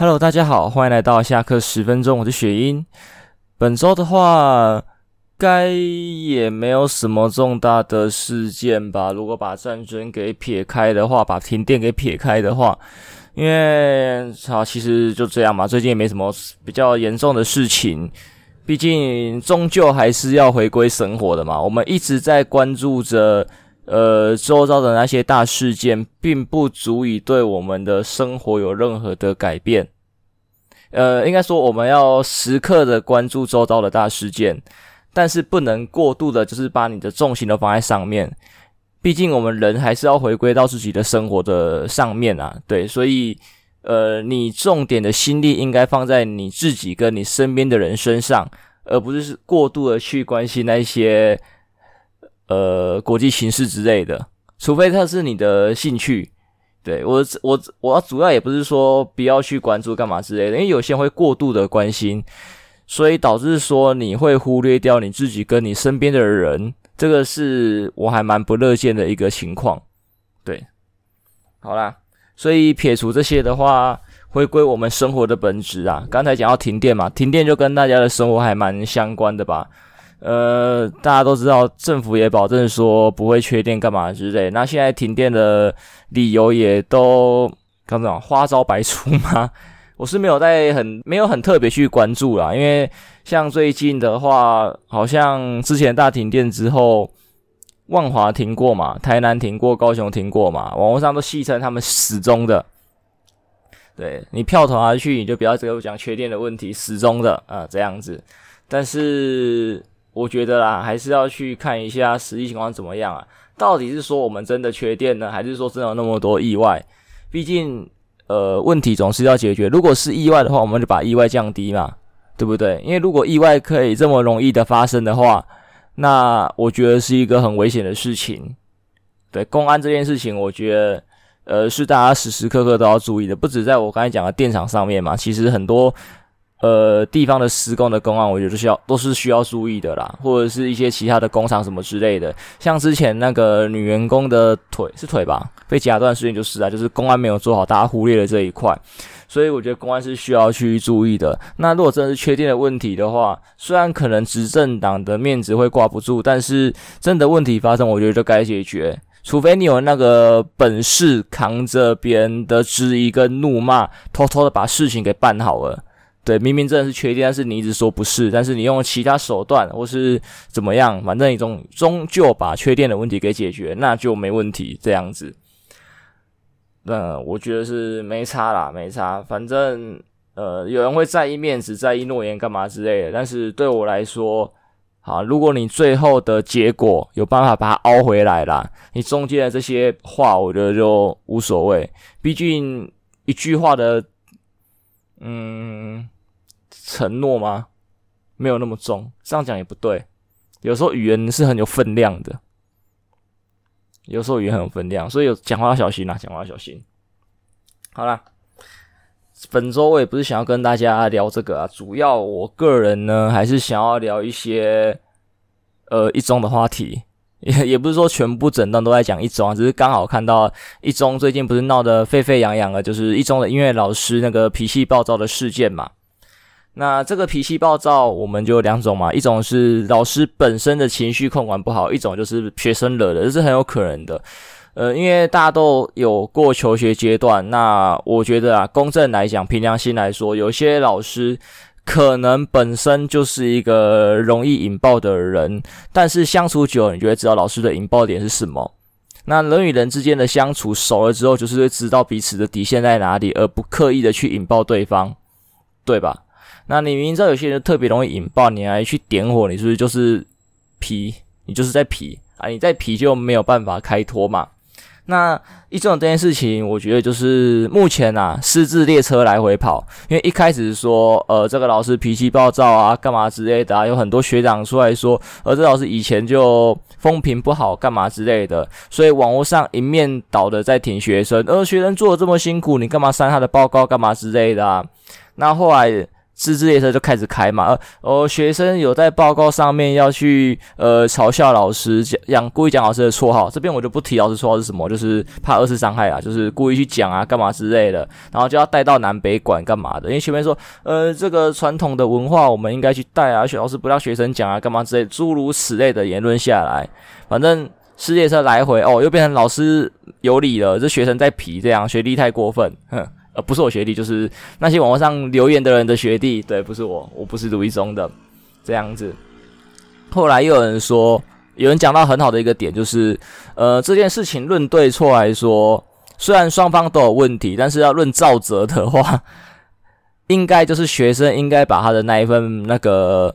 哈嘍，Hello, 大家好，歡迎來到下課十分鐘。我是雪英。本周的話，該也沒有什麼重大的事件吧？如果把戰爭給撇開的話，把停電給撇開的話，因為好，其實就這樣嘛。最近也沒什麼比較嚴重的事情，畢竟終究還是要回歸生活的嘛。我們一直在關注着。呃，周遭的那些大事件，並不足以對我們的生活有任何的改變。呃，應該說，我們要時刻的關注周遭的大事件，但是不能過度的，就是把你的重心都放在上面。畢竟，我們人還是要回歸到自己的生活的上面啊。對，所以，呃，你重點的心力應該放在你自己跟你身邊的人身上，而不是過度的去關心那些。呃，國際形勢之類的，除非它是你的興趣，對，我，我，我主要也不是說不要去關注幹嘛之類的，因為有些人會過度的關心，所以導致說你會忽略掉你自己跟你身邊的人，這個是我還蠻不樂見的一個情況。對，好啦，所以撇除這些的話，回歸我們生活的本質啊，剛才講到停電嘛，停電就跟大家的生活還蠻相關的吧。呃，大家都知道政府也保證說不會缺電，幹嘛之類。那現在停電的理由也都各講花招百出嗎？我是沒有在很沒有很特別去關注啦。因為像最近的話，好像之前大停電之後，萬華停過嘛，台南停過，高雄停過嘛，網絡上都戲稱他們死忠的。對，你票投下去，你就不要跟我講缺電的問題，死忠的啊、呃、這樣子。但是。我覺得啦，還是要去看一下實際情況怎麼樣啊？到底是說我們真的缺電呢，還是說真有那麼多意外？畢竟，呃，問題總是要解決。如果是意外的話，我們就把意外降低嘛，對不對？因為如果意外可以這麼容易的發生的話，那我覺得是一個很危險的事情。對，工安這件事情，我覺得，呃，是大家時時刻刻都要注意的。不只在我剛才講的電廠上面嘛，其實很多。呃，地方的施工的公安，我覺得需要都是需要注意的啦，或者是一些其他的工廠什麼之類的，像之前那個女員工的腿，是腿吧，被夾斷的事情就是啊，就是公安沒有做好，大家忽略了這一塊，所以我覺得公安是需要去注意的。那如果真的是確定的問題的話，雖然可能執政黨的面子會掛不住，但是真的問題發生，我覺得就該解決，除非你有那個本事扛着別人的質疑跟怒罵，偷偷的把事情給辦好了。對，明明真的是缺電，但是你一直說不是，但是你用其他手段或是怎麼樣，反正你終終究把缺電的問題給解決，那就沒問題這樣子。那、嗯、我覺得是沒差啦，沒差。反正呃，有人會在意面子，在意諾言幹嘛之類的，但是對我來說，好，如果你最後的結果有辦法把它凹回來啦，你中間的這些話，我覺得就無所謂。畢竟一句話的。嗯，承諾嗎？沒有那麼重，這樣講也不對。有時候語言是很有分量的，有時候語言很有分量，所以有講話要小心啦、啊，講話要小心。好啦，本周我也不是想要跟大家聊這個啊，主要我個人呢還是想要聊一些呃一中的話題。也也不是說全部整段都在講一中啊，只是剛好看到一中最近不是鬧得沸沸揚揚的，就是一中的音樂老師那個脾氣暴躁的事件嘛。那這個脾氣暴躁，我們就有兩種嘛，一種是老師本身的情緒控管不好，一種就是學生惹的，這是很有可能的。呃，因為大家都有過求學階段，那我覺得啊，公正來講，憑良心來說，有些老師。可能本身就是一個容易引爆的人，但是相處久了，你就會知道老師的引爆點是什麼。那人與人之間的相處熟了之後，就是會知道彼此的底線在哪裡，而不刻意的去引爆對方，對吧？那你明明知道有些人特別容易引爆，你還去點火，你是不是就是皮？你就是在皮啊！你在皮就沒有辦法開脫嘛。那一種這件事情，我覺得就是目前吶、啊，失智列車來回跑。因為一開始說，呃，這個老師脾氣暴躁啊，幹嘛之類的，啊，有很多學長出來說，呃，這老師以前就風評不好，幹嘛之類的。所以網絡上一面倒的在挺學生，呃，學生做的這麼辛苦，你幹嘛刪他的報告，幹嘛之類的。啊。那後來。私制列車就開始開嘛、呃，哦，學生有在報告上面要去呃嘲笑老師講故意講老師的綽號，這邊我就不提老師綽號是什麼，就是怕二次傷害啊，就是故意去講啊幹嘛之類的，然後就要帶到南北管幹嘛的，因為前面說呃這個傳統的文化我們應該去帶啊，而且老師不讓學生講啊幹嘛之類諸如此類的言論下來，反正私制列車來回哦又變成老師有理了，這學生在皮這樣學歷太過分，哼。呃，不是我學弟，就是那些網絡上留言的人的學弟。對，不是我，我不是如意中的這樣子。後來又有人說，有人講到很好的一個點，就是呃，這件事情論對錯來說，雖然雙方都有問題，但是要論肇責的話，應該就是學生應該把他的那一份那個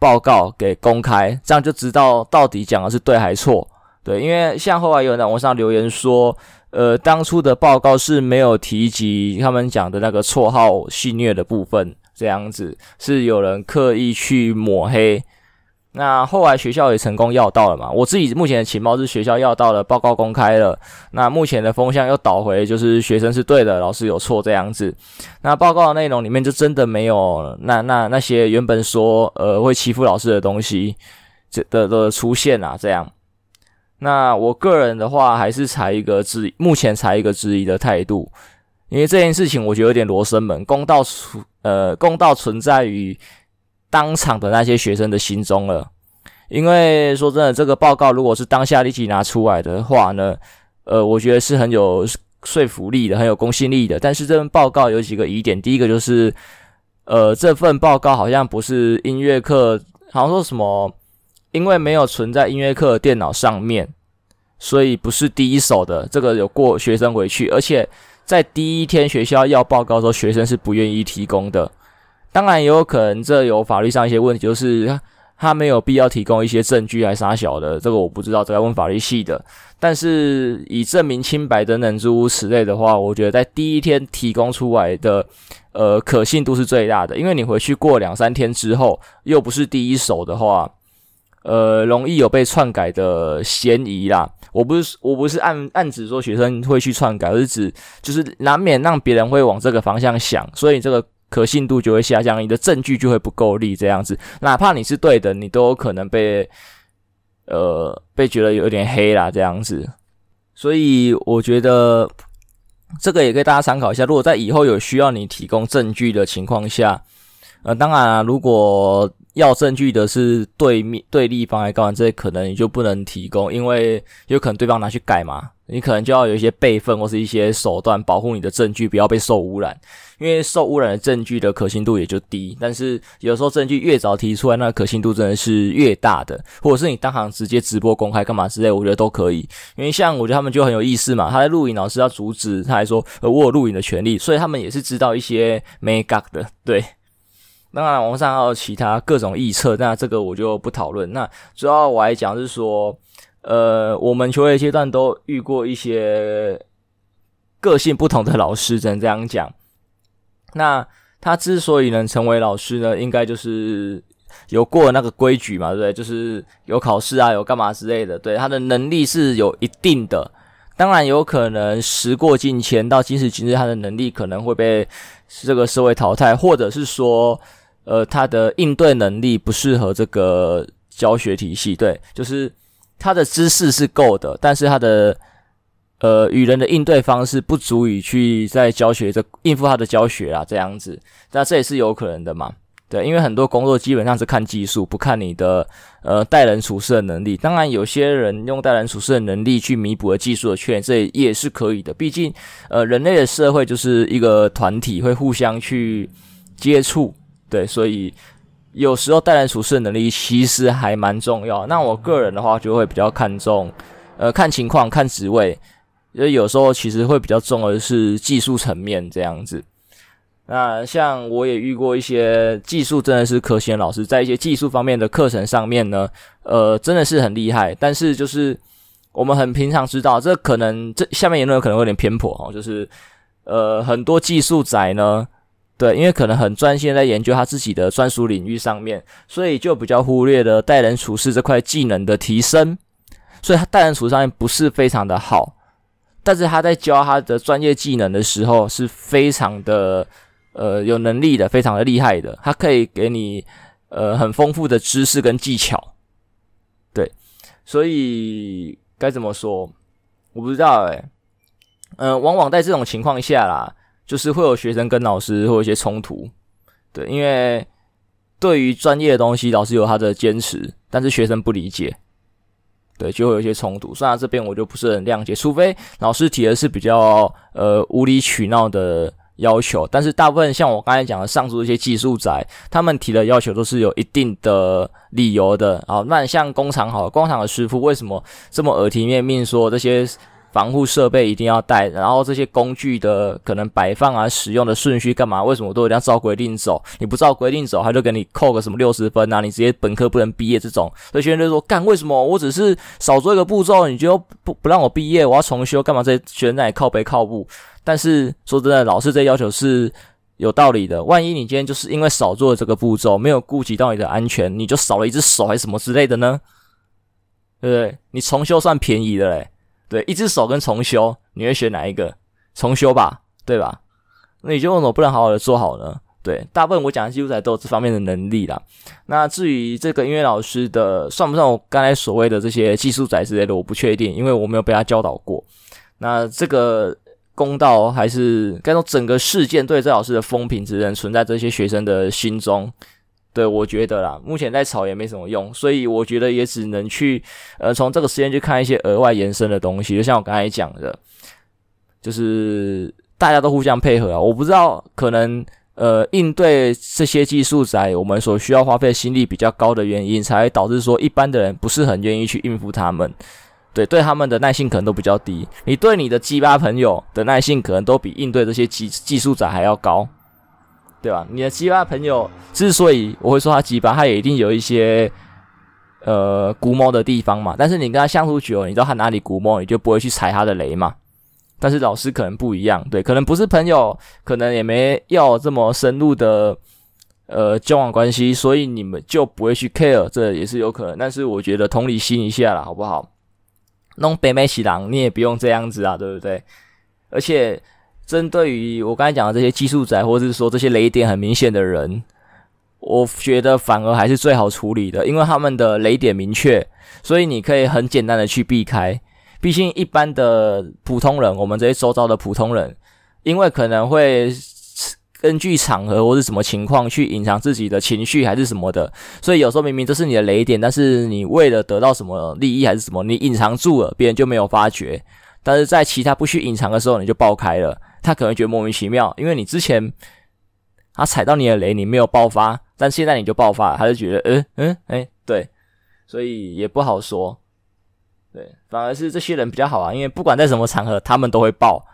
報告給公開，這樣就知道到底講的是對還是錯。對，因為像後來有人在網上留言說。呃，當初的報告是沒有提及他們講的那個綽號戲謔的部分，這樣子是有人刻意去抹黑。那後來學校也成功要到了嘛？我自己目前的情報是學校要到了，報告公開了。那目前的風向又倒回，就是學生是對的，老師有錯這樣子。那報告的內容裡面就真的沒有那那那些原本說呃會欺負老師的東西，這的的出現啊這樣。那我個人的話，還是採一個質疑，目前採一個質疑的態度，因為這件事情我覺得有點羅生門，公道存，呃，公道存在於當場的那些學生的心中了。因為說真的，這個報告如果是當下立即拿出來的話呢，呃，我覺得是很有說服力的，很有公信力的。但是這份報告有幾個疑點，第一個就是，呃，這份報告好像不是音樂課，好像說什麼。因為沒有存在音樂課的電腦上面，所以不是第一手的。這個有過學生回去，而且在第一天學校要報告的時候，學生是不願意提供的。當然也有可能這有法律上一些問題，就是他沒有必要提供一些證據來殺小的。這個我不知道，這要問法律系的。但是以證明清白等等諸如此類的話，我覺得在第一天提供出來的，呃，可信度是最大的。因為你回去過兩三天之後，又不是第一手的話。呃，容易有被篡改的嫌疑啦。我不是我不是暗暗指說，學生會去篡改，而是指就是難免讓別人會往這個方向想，所以這個可信度就會下降，你的證據就會不夠力這樣子。哪怕你是對的，你都有可能被呃被覺得有點黑啦這樣子。所以我覺得這個也給大家參考一下。如果在以後有需要你提供證據的情況下，呃，當然，啊，如果，要證據的是對面對立方來告這些，可能你就不能提供，因為有可能對方拿去改嘛，你可能就要有一些備份或是一些手段保護你的證據不要被受污染，因為受污染的證據的可信度也就低。但是有時候證據越早提出來，那可信度真的是越大的，或者是你當場直接直播公開幹嘛之類，我覺得都可以。因為像我覺得他們就很有意思嘛，他在錄影，老師要阻止，他還說呃，我有錄影的權利，所以他們也是知道一些沒搞的，對。當然，網上還有其他各種預測，那這個我就不討論。那主要我來講是說，呃，我們求學階段都遇過一些個性不同的老師，只能這樣講。那他之所以能成為老師呢，應該就是有過那個規矩嘛，對不對？就是有考試啊，有幹嘛之類的。對，他的能力是有一定的。當然，有可能時過境遷到今時今日，他的能力可能會被這個社會淘汰，或者是說。呃，他的應對能力不適合這個教學體系，對，就是他的知識是夠的，但是他的呃與人的應對方式不足以去在教學這應付他的教學啦，這樣子，那這也是有可能的嘛，對，因為很多工作基本上是看技術，不看你的呃待人處事的能力，當然有些人用待人處事的能力去彌補了技術的缺陷，這也是可以的，畢竟呃人類的社會就是一個團體會互相去接觸。對，所以有時候待人處事的能力其實還蠻重要。那我個人的話就會比較看重，呃，看情況、看職位，因為有時候其實會比較重的是技術層面這樣子。那像我也遇過一些技術真的是科賢老師在一些技術方面的課程上面呢，呃，真的是很厲害。但是就是我們很平常知道，這可能這下面言論可能會有點偏頗哈，就是呃，很多技術宅呢。對，因為可能很專心在研究他自己的專屬領域上面，所以就比較忽略了待人處事這塊技能的提升，所以他待人處事上面不是非常的好。但是他在教他的專業技能的時候，是非常的呃有能力的，非常的厲害的。他可以給你呃很豐富的知識跟技巧，對。所以該怎麼說？我不知道誒、欸，嗯、呃，往往在這種情況下啦。就是會有學生跟老師會有一些衝突，對，因為對於專業的東西，老師有他的堅持，但是學生不理解，對，就會有一些衝突。雖然這邊我就不是很諒解，除非老師提的是比較呃無理取鬧的要求，但是大部分像我剛才講的上述這些技術宅，他們提的要求都是有一定的理由的啊。好，那像工廠好，工廠的師傅為什麼這麼耳提面命說這些？防護設備一定要帶，然後這些工具的可能擺放啊、使用的順序、幹嘛、為什麼都一定要照規定走？你不照規定走，他就給你扣個什麼六十分啊？你直接本科不能畢業這種。所以學生就說：“幹，為什麼我只是少做一個步驟，你就不不讓我畢業？我要重修幹嘛？這些學生在靠背靠步。”但是說真的，老師這要求是有道理的。萬一你今天就是因為少做了這個步驟，沒有顧及到你的安全，你就少了一隻手還是什麼之類的呢？對不對？你重修算便宜的嘞。對，一隻手跟重修，你會選哪一個？重修吧，對吧？那你就為什麼不能好好的做好呢？對，大部分我講的技術宅都有這方面的能力啦。那至於這個音樂老師的算不算我剛才所謂的這些技術宅之類的，我不確定，因為我沒有被他教導過。那這個公道還是該說整個事件對這老師的風評只能存在這些學生的心中。對，我覺得啦，目前再吵也沒什麼用，所以我覺得也只能去，呃，從這個時間去看一些額外延伸的東西。就像我剛才講的，就是大家都互相配合啊。我不知道，可能呃，應對這些技術宅，我們所需要花費的心力比較高的原因，才會導致說一般的人不是很願意去應付他們。對，對，他們的耐性可能都比較低。你對你的雞巴朋友的耐性可能都比應對這些技技術宅還要高。對吧？你的奇葩朋友，之所以我會說他奇葩，他也一定有一些呃龜毛的地方嘛。但是你跟他相處久了，你知道他哪裡龜毛，你就不會去踩他的雷嘛。但是老師可能不一樣，對，可能不是朋友，可能也沒要這麼深入的呃交往關係，所以你們就不會去 care，這也是有可能。但是我覺得同理心一下了，好不好？弄北美喜狼，你也不用這樣子啊，對不對？而且。針對於我剛才講的這些技術宅，或者是說這些雷點很明顯的人，我覺得反而還是最好處理的，因為他們的雷點明確，所以你可以很簡單的去避開。畢竟一般的普通人，我們這些周遭的普通人，因為可能會根據場合或是什麼情況去隱藏自己的情緒還是什麼的，所以有時候明明這是你的雷點，但是你為了得到什麼利益還是什麼，你隱藏住了，別人就沒有發覺。但是在其他不去隱藏的時候，你就爆開了。他可能覺得莫名其妙，因為你之前他踩到你的雷，你沒有爆發，但現在你就爆發了，他就覺得，嗯嗯哎、欸，對，所以也不好說，對，反而是這些人比較好啊，因為不管在什麼場合，他們都會爆，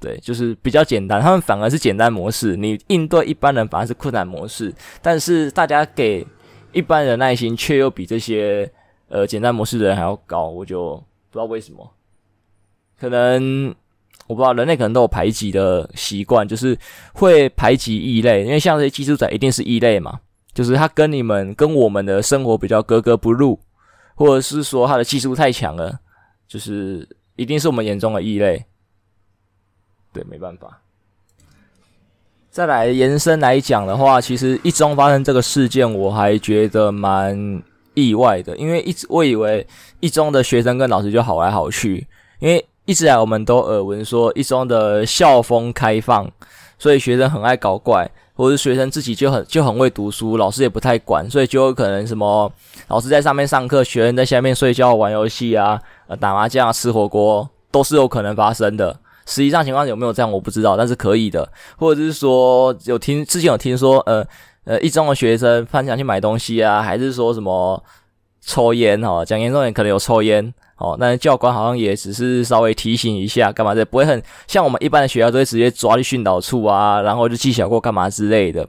對，就是比較簡單，他們反而是簡單模式，你應對一般人反而是困難模式，但是大家給一般人耐心卻又比這些呃簡單模式的人還要高，我就不知道為什麼，可能。我不知道人類可能都有排擠的習慣，就是會排擠異類，因為像這些技術宅一定是異類嘛，就是他跟你們跟我們的生活比較格格不入，或者是說他的技術太強了，就是一定是我們眼中的異類，對，沒辦法。再來延伸來講的話，其實一中發生這個事件，我還覺得蠻意外的，因為一直我以為一中的學生跟老師就好來好去，因為。一直來，我們都耳聞說一中的校風開放，所以學生很愛搞怪，或者是學生自己就很就很會讀書，老師也不太管，所以就有可能什麼老師在上面上課，學生在下面睡覺、玩遊戲啊、呃、打麻將啊、吃火鍋，都是有可能發生的。實際上，情況有沒有這樣我不知道，但是可以的。或者是說有聽之前有聽說，呃呃，一中的學生翻牆去買東西啊，還是說什麼抽菸哦？講嚴重點，可能有抽菸。哦，那個、教官好像也只是稍微提醒一下，幹嘛的不會很像我們一般的學校，都會直接抓去訓導處啊，然後就記小過幹嘛之類的。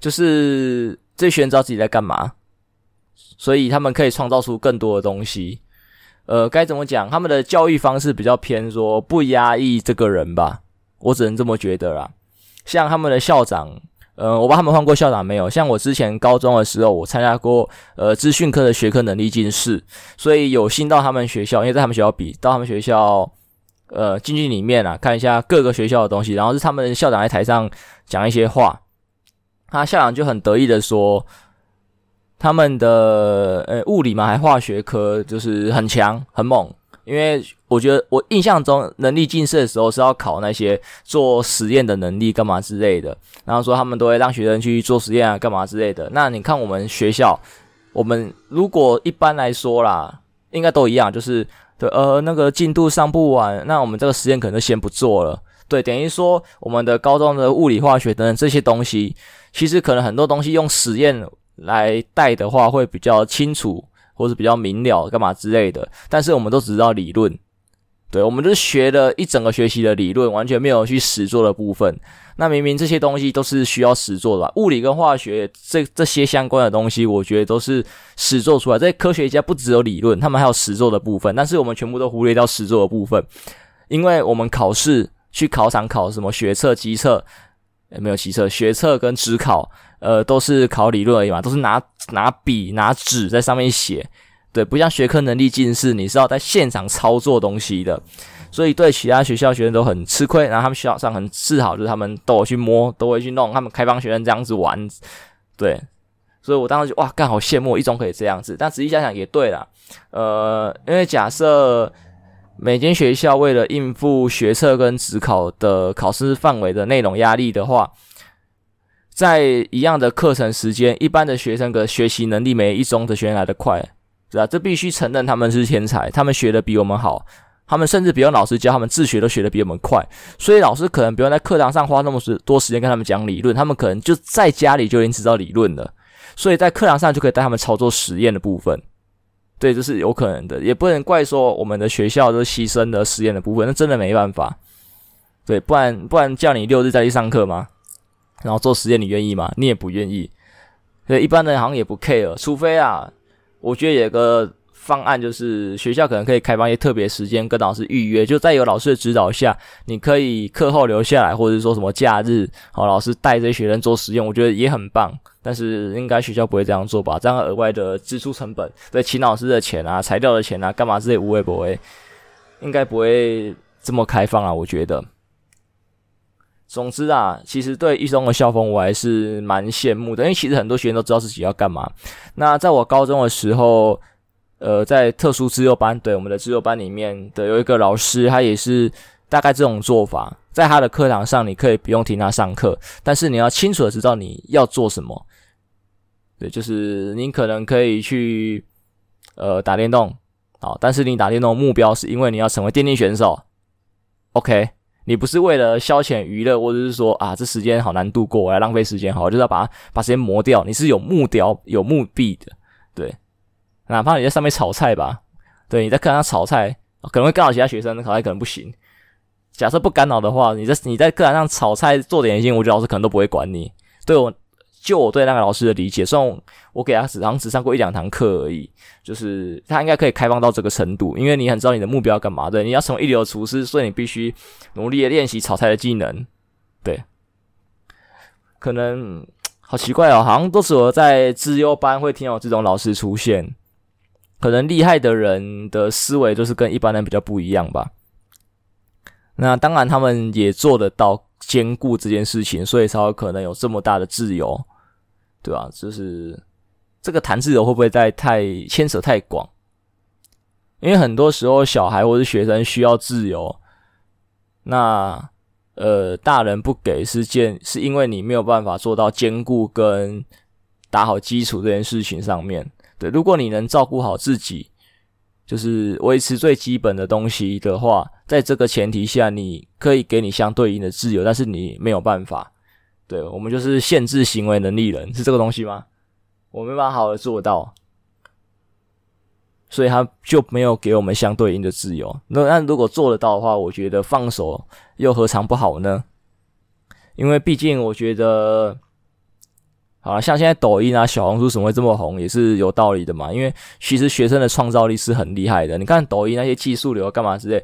就是這些學員知道自己在幹嘛，所以他們可以創造出更多的東西。呃，該怎麼講？他們的教育方式比較偏說不壓抑這個人吧，我只能這麼覺得啦。像他們的校長。呃、嗯，我幫他們換過校長沒有？像我之前高中的時候，我參加過呃資訊科的學科能力進士，所以有幸到他們學校，因為在他們學校比到他們學校，呃進去裡面啊看一下各個學校的東西，然後是他們校長在台上講一些話，他校長就很得意的說他們的呃物理嘛還化學科就是很強很猛。因為我覺得我印象中能力競賽的時候是要考那些做實驗的能力幹嘛之類的，然後說他們都會讓學生去做實驗啊幹嘛之類的。那你看我們學校，我們如果一般來說啦，應該都一樣，就是對呃那個進度上不完，那我們這個實驗可能就先不做了。對，等於說我們的高中的物理、化學等等這些東西，其實可能很多東西用實驗來帶的話會比較清楚。或是比較明了幹嘛之類的，但是我們都只知道理論，對，我們就是學了一整個學期的理論，完全沒有去實作的部分。那明明這些東西都是需要實作的吧？物理跟化學這這些相關的東西，我覺得都是實作出來。這些科學家不只有理論，他們還有實作的部分，但是我們全部都忽略掉實作的部分，因為我們考試去考場考什麼學測、基測。沒有騎車，學測跟指考，呃，都是考理論而已嘛，都是拿拿筆拿紙在上面寫，對，不像學科能力進士，你是要在現場操作東西的，所以對其他學校學生都很吃虧，然後他們學校上很自豪，就是他們都有去摸，都會去弄，他們開放學生這樣子玩，對，所以我當時就哇，幹好羨慕一中可以這樣子，但仔細想想也對啦，呃，因為假設。每間學校為了應付學測跟指考的考試範圍的內容壓力的話，在一樣的課程時間，一般的學生的學習能力沒一中的學生來的快，是吧？這必須承認他們是天才，他們學的比我們好，他們甚至不用老師教，他們自學都學的比我們快。所以老師可能不用在課堂上花那麼時多時間跟他們講理論，他們可能就在家裡就已經知道理論了。所以在課堂上就可以帶他們操作實驗的部分。對，這是有可能的，也不能怪說我們的學校都犧牲了實驗的部分，那真的沒辦法。對，不然不然叫你六日再去上課嗎？然後做實驗，你願意嗎？你也不願意。對，一般人好像也不 care，除非啊，我覺得有個。方案就是學校可能可以開放一些特別時間跟老師預約，就在有老師的指導下，你可以課後留下來，或者說什麼假日，好，老師帶着學生做實驗，我覺得也很棒。但是應該學校不會這樣做吧？這樣額外的支出成本，對請老師的錢啊、材料的錢啊、幹嘛之類，無微不會，應該不會這麼開放啊？我覺得。總之啊，其實對一中的校風我還是蠻羨慕的，因為其實很多學生都知道自己要幹嘛。那在我高中的時候，呃，在特殊資優班，對，我們的資優班裡面的有一個老師，他也是大概這種做法，在他的課堂上，你可以不用聽他上課，但是你要清楚的知道你要做什麼。對，就是你可能可以去呃打電動啊，但是你打電動的目標是因為你要成為電競選手，OK？你不是為了消遣娛樂，或者是說啊這時間好難度過，我來浪費時間，好，就是要把它把時間磨掉。你是有目標有目的的，對。哪怕你在上面炒菜吧。對，你在課堂上炒菜，可能會干擾其他學生，炒菜可能不行。假設不干擾的話，你在你在課堂上炒菜做點心，我覺得老師可能都不會管你。對，我就我對那個老師的理解，雖然我，我給他只好像只上過一兩堂課而已，就是他應該可以開放到這個程度，因為你很知道你的目標要幹嘛，對，你要成為一流的廚師，所以你必須努力的練習炒菜的技能。對，可能好奇怪哦，好像都是我在資優班會聽到這種老師出現。可能厲害的人的思維就是跟一般人比較不一樣吧。那當然，他們也做得到兼顧這件事情，所以才有可能有這麼大的自由，對吧？就是這個談自由會不會在太牽扯太廣？因為很多時候小孩或是學生需要自由，那呃，大人不給是件，是因為你沒有辦法做到兼顧跟打好基礎這件事情上面。對，如果你能照顧好自己，就是維持最基本的東西的話，在這個前提下，你可以給你相對應的自由，但是你沒有辦法。對，我們就是限制行為能力人，是這個東西嗎？我沒辦法好好的做到，所以他就沒有給我們相對應的自由。那那如果做得到的話，我覺得放手又何嘗不好呢？因為畢竟我覺得。好，像現在抖音啊、小紅書怎麼會這麼紅，也是有道理的嘛。因為其實學生的創造力是很厲害的。你看抖音那些技術流幹嘛之類，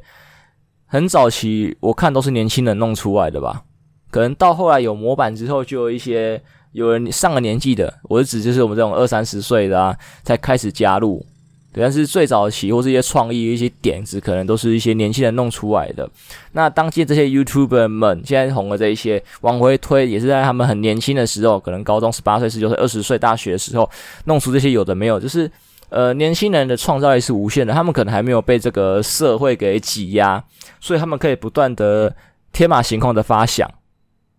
很早期我看都是年輕人弄出來的吧。可能到後來有模板之後，就有一些有人上了年紀的，我就指就是我們這種二三十歲的啊，才開始加入。但是最早期或是一些創意、一些點子，可能都是一些年輕人弄出來的。那當今這些 YouTuber 們現在紅的這一些，往回推也是在他們很年輕的時候，可能高中十八歲、十九歲、二十歲，大學的時候弄出這些有的沒有。就是呃，年輕人的創造力是無限的，他們可能還沒有被這個社會給擠壓，所以他們可以不斷的天馬行空的發想，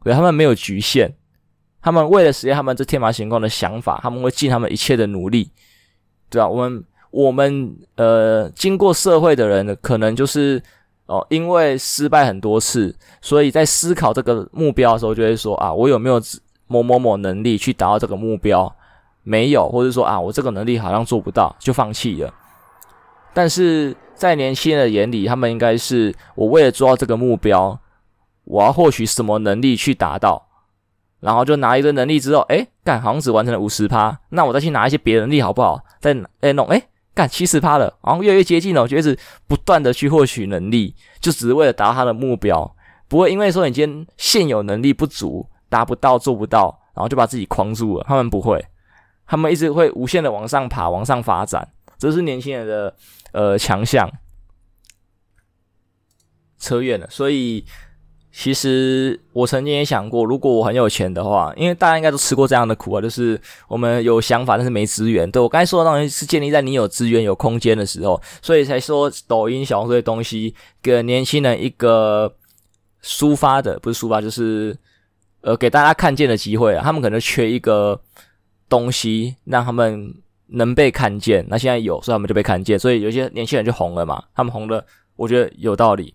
對，他們沒有局限。他們為了實現他們這天馬行空的想法，他們會盡他們一切的努力，對吧、啊？我們。我們呃，經過社會的人，可能就是哦，因為失敗很多次，所以在思考這個目標的時候，就會說啊，我有沒有某某某能力去達到這個目標？沒有，或者說啊，我這個能力好像做不到，就放棄了。但是在年輕人的眼裡，他們應該是我為了做到這個目標，我要獲取什麼能力去達到，然後就拿一個能力之後，哎，幹，好像只完成了五十趴，那我再去拿一些別的能力好不好？再再弄，哎。誒其實怕了，然後越來越接近了，我就是不斷的去獲取能力，就只是為了達到他的目標，不會因為說你今天現有能力不足，達不到、做不到，然後就把自己框住了。他們不會，他們一直會無限的往上爬，往上發展，這是年輕人的呃強項。扯遠了，所以。其實我曾經也想過，如果我很有錢的話，因為大家應該都吃過這樣的苦啊，就是我們有想法，但是沒資源。對，我剛才說的東西是建立在你有資源、有空間的時候，所以才說抖音、小紅書的東西給年輕人一個抒發的，不是抒發，就是呃給大家看見的機會啊。他們可能就缺一個東西，讓他們能被看見。那現在有，所以他們就被看見，所以有些年輕人就紅了嘛。他們紅了，我覺得有道理。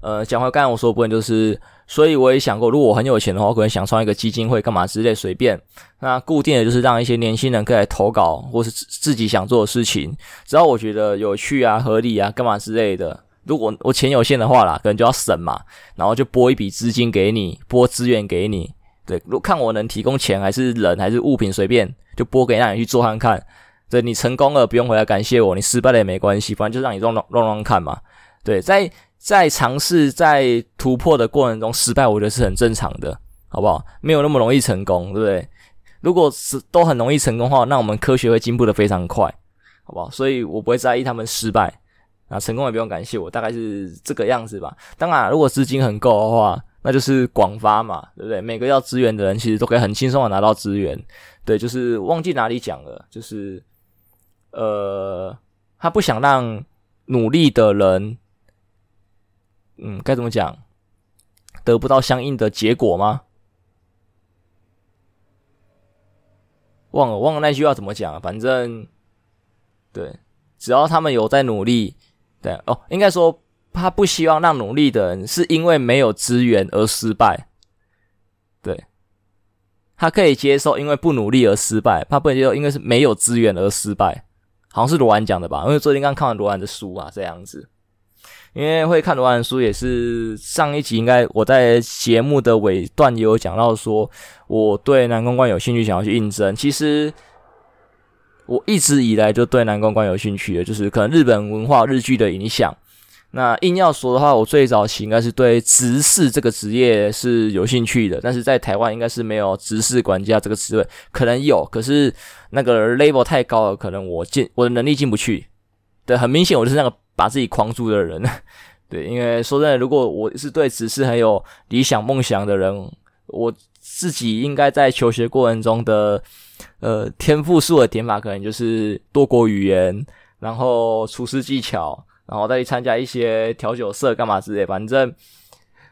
呃，講、嗯、回剛才我說的部分就是，所以我也想過，如果我很有錢的話，我可能想創一個基金會，幹嘛之類，隨便。那固定的就是讓一些年輕人可以來投稿，或是自己想做的事情，只要我覺得有趣啊、合理啊、幹嘛之類的。如果我錢有限的話啦，可能就要省嘛，然後就撥一筆資金給你，撥資源給你，對，如果看我能提供錢還是人還是物品，隨便就撥給那你，你去做看看。對，你成功了不用回來感謝我，你失敗了也沒關係，反正就讓你弄弄弄弄看嘛。對，在。在嘗試在突破的過程中失敗，我覺得是很正常的，好不好？沒有那麼容易成功，對不對？如果是都很容易成功的話，那我們科學會進步的非常快，好不好？所以我不會在意他們失敗，啊，成功也不用感謝我，大概是這個樣子吧。當然，如果資金很夠的話，那就是廣發嘛，對不對？每個要資源的人其實都可以很輕鬆的拿到資源。對，就是忘記哪裡講了，就是呃，他不想讓努力的人。嗯，該怎麼講？得不到相應的結果嗎？忘了，忘了那句話怎麼講？反正，對，只要他們有在努力，對哦，應該說他不希望讓努力的人是因為沒有資源而失敗。對，他可以接受因為不努力而失敗，他不能接受因為是沒有資源而失敗。好像是羅蘭講的吧？因為昨天剛看完羅蘭的書啊，這樣子。因為會看羅蘭書也是上一集，應該我在節目的尾段也有講到，說我對男公關有興趣，想要去應徵。其實我一直以來就對男公關有興趣的，就是可能日本文化、日劇的影響。那硬要說的話，我最早期應該是對執事這個職業是有興趣的，但是在台灣應該是沒有執事管家這個職位，可能有，可是那個 label 太高了，可能我進我的能力進不去。對，很明顯，我就是那個。把自己框住的人，對，因為說真的，如果我是對此事很有理想夢想的人，我自己應該在求學過程中的呃天賦樹的點法，可能就是多國語言，然後廚師技巧，然後再去參加一些調酒社幹嘛之類，反正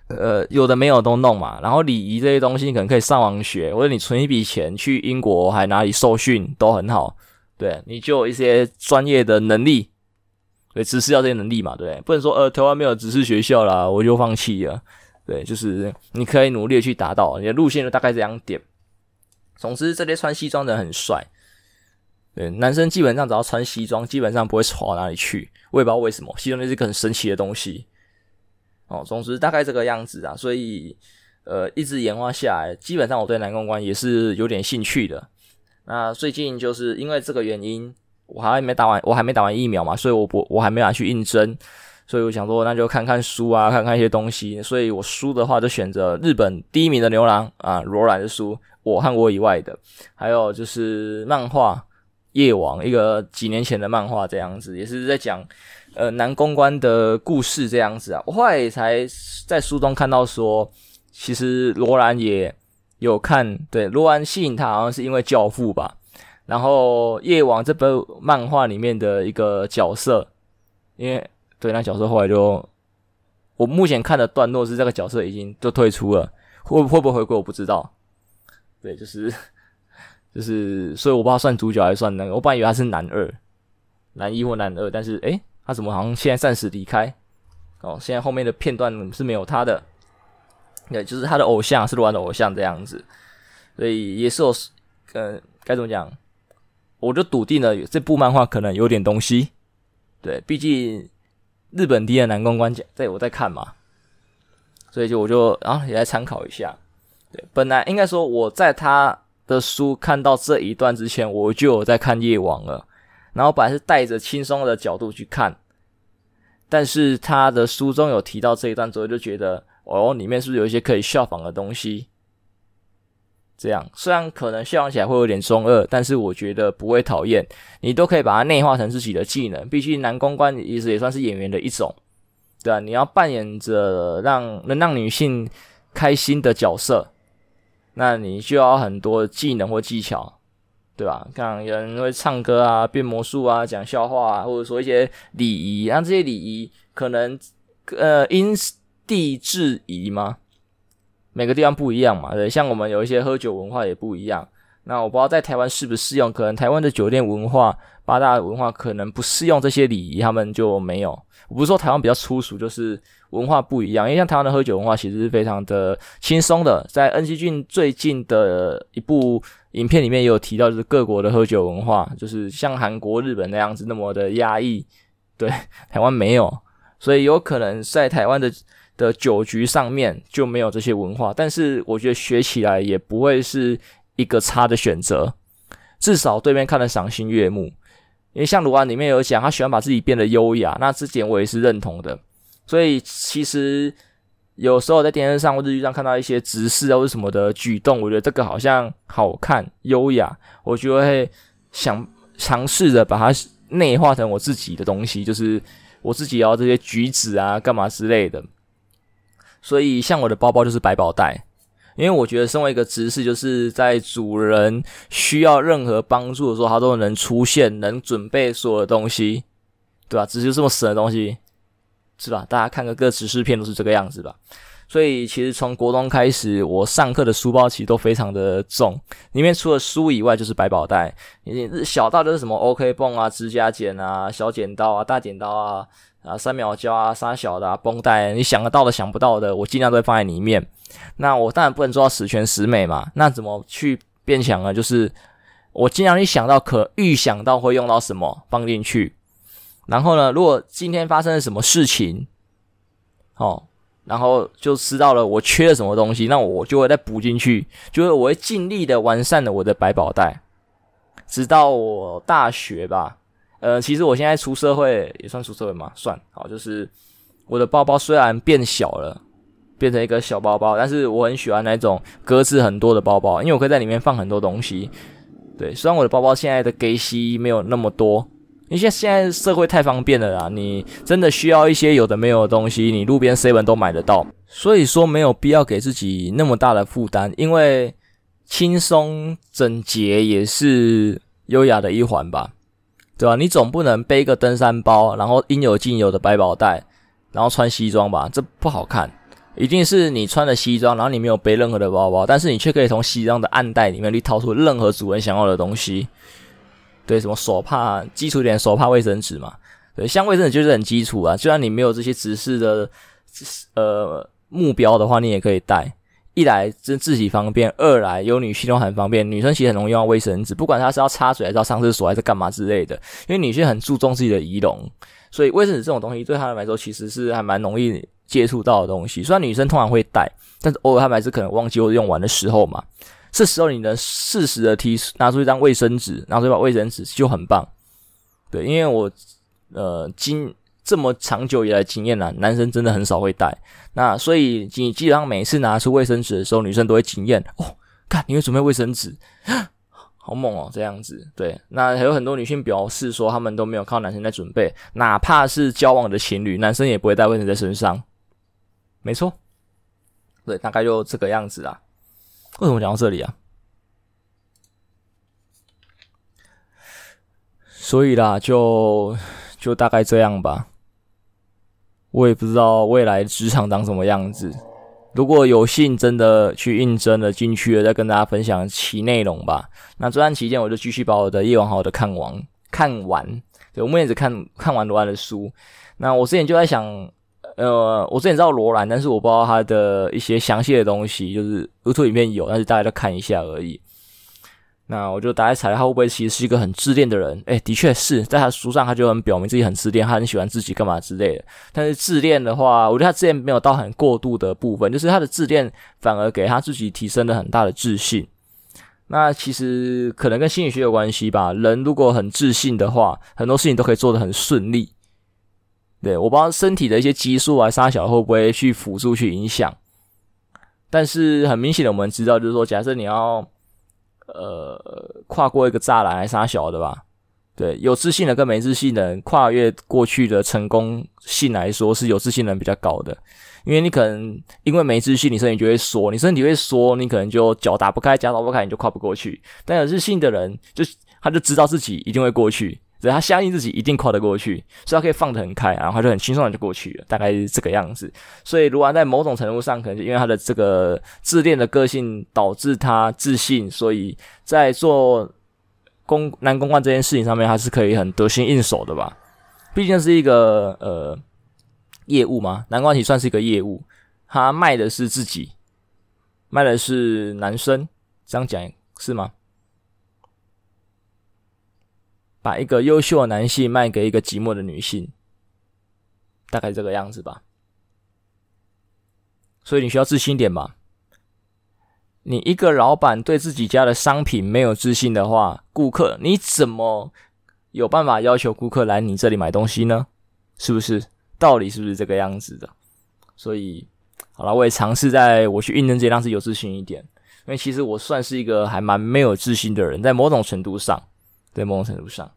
呃有的沒有的都弄嘛。然後禮儀這些東西，可能可以上網學，或者你存一筆錢去英國還哪裡受訓都很好。對，你就有一些專業的能力。對，只是要這些能力嘛，對，不能說呃，台灣沒有只是學校啦，我就放棄了。對，就是你可以努力去達到。你的路線就大概這樣點。總之，這些穿西裝的人很帥。對，男生基本上只要穿西裝，基本上不會差到哪裡去。我也不知道為什麼，西裝是一個很神奇的東西。哦，總之大概這個樣子啊。所以，呃，一直演化下來，基本上我對男公關也是有點興趣的。那最近就是因為這個原因。我還沒打完，我還沒打完疫苗嘛，所以我不，我還沒拿去應徵，所以我想說，那就看看書啊，看看一些東西。所以我書的話，就選擇日本第一名的牛郎啊，羅蘭的書，我和我以外的，還有就是漫畫《夜王》，一個幾年前的漫畫，這樣子也是在講呃男公關的故事這樣子啊。我後來也才在書中看到說，其實羅蘭也有看，對，羅蘭吸引他好像是因為教父吧。然後，夜王這本漫畫裡面的一個角色，因為對那個、角色後來就，我目前看的段落是這個角色已經都退出了，會會不會回歸我不知道。對，就是就是，所以我不知道算主角還是算、那個，我本來以為他是男二，男一或男二，但是誒，他怎麼好像現在暫時離開？哦，現在後面的片段是沒有他的。對，就是他的偶像是羅蘭的偶像這樣子，所以也是我呃，該怎麼講？我就篤定了這部漫畫可能有點東西，對，畢竟日本第一男公關講，對，我在看嘛，所以就我就然後，啊，也來參考一下，對，本來應該說我在他的書看到這一段之前，我就有在看《夜王》了，然後本來是帶着輕鬆的角度去看，但是他的書中有提到這一段之後，就覺得哦，哦，裡面是不是有一些可以效仿的東西？這樣雖然可能笑起來會有點中二，但是我覺得不會討厭。你都可以把它內化成自己的技能。畢竟男公關其實也算是演員的一種，對吧、啊？你要扮演着讓能讓女性開心的角色，那你就要很多技能或技巧，對吧？像有人會唱歌啊、變魔術啊、講笑話啊，或者說一些禮儀，那這些禮儀可能呃因地制宜嗎？每個地方不一樣嘛，對，像我們有一些喝酒文化也不一樣。那我不知道在台灣適不適用，可能台灣的酒店文化、八大文化可能不適用這些禮儀，他們就沒有。我不是說台灣比較粗俗，就是文化不一樣。因為像台灣的喝酒文化其實是非常的輕鬆的。在恩熙俊最近的一部影片裡面也有提到，就是各國的喝酒文化，就是像韓國、日本那樣子那麼的壓抑。對，台灣沒有，所以有可能在台灣的。的酒局上面就沒有這些文化，但是我覺得學起來也不會是一個差的選擇，至少對面看得賞心悅目。因為像羅蘭裡面有講，他喜歡把自己變得優雅，那這點我也是認同的。所以其實有時候在電視上或者日劇上看到一些直視啊或者什麼的舉動，我覺得這個好像好看、優雅，我就會想嘗試着把它內化成我自己的東西，就是我自己要這些舉止啊、幹嘛之類的。所以，像我的包包就是百寶袋，因為我覺得身為一個執事，就是在主人需要任何幫助的時候，它都能出現，能準備所有的東西，對吧？只是這麼神的東西，是吧？大家看各個執事片都是這個樣子吧。所以，其實從國中開始，我上課的書包其實都非常的重，裡面除了書以外，就是百寶袋，小到就是什麼 OK 繃啊、指甲剪啊、小剪刀啊、大剪刀啊。啊，三秒膠啊，三小的啊，繃帶、啊，你想得到的、想不到的，我盡量都會放在裡面。那我當然不能做到十全十美嘛。那怎麼去變強呢？就是我盡量一想到可預想到會用到什麼放進去。然後呢，如果今天發生了什麼事情，哦，然後就知道了我缺了什麼東西，那我就會再補進去。就是我會盡力的完善了我的百寶袋，直到我大學吧。呃，其實我現在出社會也算出社會嘛，算好，就是我的包包雖然變小了，變成一個小包包，但是我很喜歡那種格子很多的包包，因為我可以在裡面放很多東西。對，雖然我的包包現在的格子沒有那麼多，因為現，現在社會太方便了啦，你真的需要一些有的沒有的東西，你路邊 seven 都買得到，所以說沒有必要給自己那麼大的負擔，因為輕鬆整潔也是優雅的一環吧。對吧、啊？你總不能背一個登山包，然後應有盡有的百寶袋，然後穿西裝吧？這不好看。一定是你穿了西裝，然後你沒有背任何的包包，但是你卻可以從西裝的暗袋裡面去掏出任何主人想要的東西。對，什麼手帕，基礎點手帕、衛生紙嘛。對，像衛生紙就是很基礎啊。就算你沒有這些直視的，呃，目標的話，你也可以帶。一來是自己方便，二來有女性都很方便，女生其實很容易用到衛生紙，不管她是要擦嘴還是要上廁所還是幹嘛之類的。因為女性很注重自己的儀容，所以衛生紙這種東西對她來說其實是還蠻容易接觸到的東西。雖然女生通常會帶，但是偶爾他們還是可能忘記或者用完的時候嘛，這時候你能適時的提拿出一張衛生紙，拿出一把衛生紙就很棒。對，因為我呃今。金這麼長久以來的經驗了、啊，男生真的很少會帶。那所以你基本上每次拿出衛生紙的時候，女生都會驚豔哦，看你會準備衛生紙，好猛哦，這樣子。對，那還有很多女性表示說，她們都沒有靠男生在準備，哪怕是交往的情侶，男生也不會帶衛生紙在身上。沒錯，對，大概就這個樣子啦。為什麼講到這裡啊？所以啦，就就大概這樣吧。我也不知道未來職場長什麼樣子。如果有幸真的去應徵了，進去了，再跟大家分享其內容吧。那這段期間，我就繼續把我的夜晚好的看完，看完。對，我目前只看看完羅蘭的書。那我之前就在想，呃，我之前知道羅蘭，但是我不知道他的一些詳細的東西，就是 YouTube 裡面有，但是大家就看一下而已。那我就大概猜他會不會其實是一個很自戀的人？哎，的確是在他書上，他就很表明自己很自戀，他很喜歡自己幹嘛之類的。但是自戀的話，我覺得他自戀沒有到很過度的部分，就是他的自戀反而給他自己提升了很大的自信。那其實可能跟心理學有關係吧。人如果很自信的話，很多事情都可以做得很順利。對，我不知道身體的一些激素啊啥小會不會去輔助去影響，但是很明顯的我們知道，就是說假設你要。呃，跨過一個柵欄還是小的吧？對，有自信的跟沒自信的跨越過去的成功性來說，是有自信人比較高的。因為你可能因為沒自信，你身體就會縮，你身體會縮，你可能就腳打不開，腳打不開你就跨不過去。但有自信的人就，就他就知道自己一定會過去。他相信自己一定跨得過去，所以他可以放得很開，然後他就很輕鬆的就過去了，大概是這個樣子。所以盧安在某種程度上，可能是因為他的這個自戀的個性導致他自信，所以在做公男公關這件事情上面，他是可以很得心應手的吧？畢竟是一個呃業務嘛，男關係算是一個業務，他賣的是自己，賣的是男生，這樣講是嗎？把一個優秀的男性賣給一個寂寞的女性，大概這個樣子吧。所以你需要自信一點吧？你一個老闆對自己家的商品沒有自信的話，顧客你怎麼有辦法要求顧客來你這裡買東西呢？是不是？道理是不是這個樣子的？所以，好了，我也嘗試在我去印證這檔是有自信一點，因為其實我算是一個還蠻沒有自信的人，在某種程度上。在某種程度上，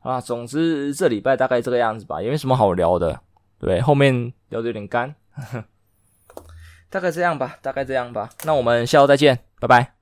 啊，總之這禮拜大概這個樣子吧，也沒什麼好聊的，對，後面聊的有點乾呵呵，大概這樣吧，大概這樣吧，那我們下周再見，拜拜。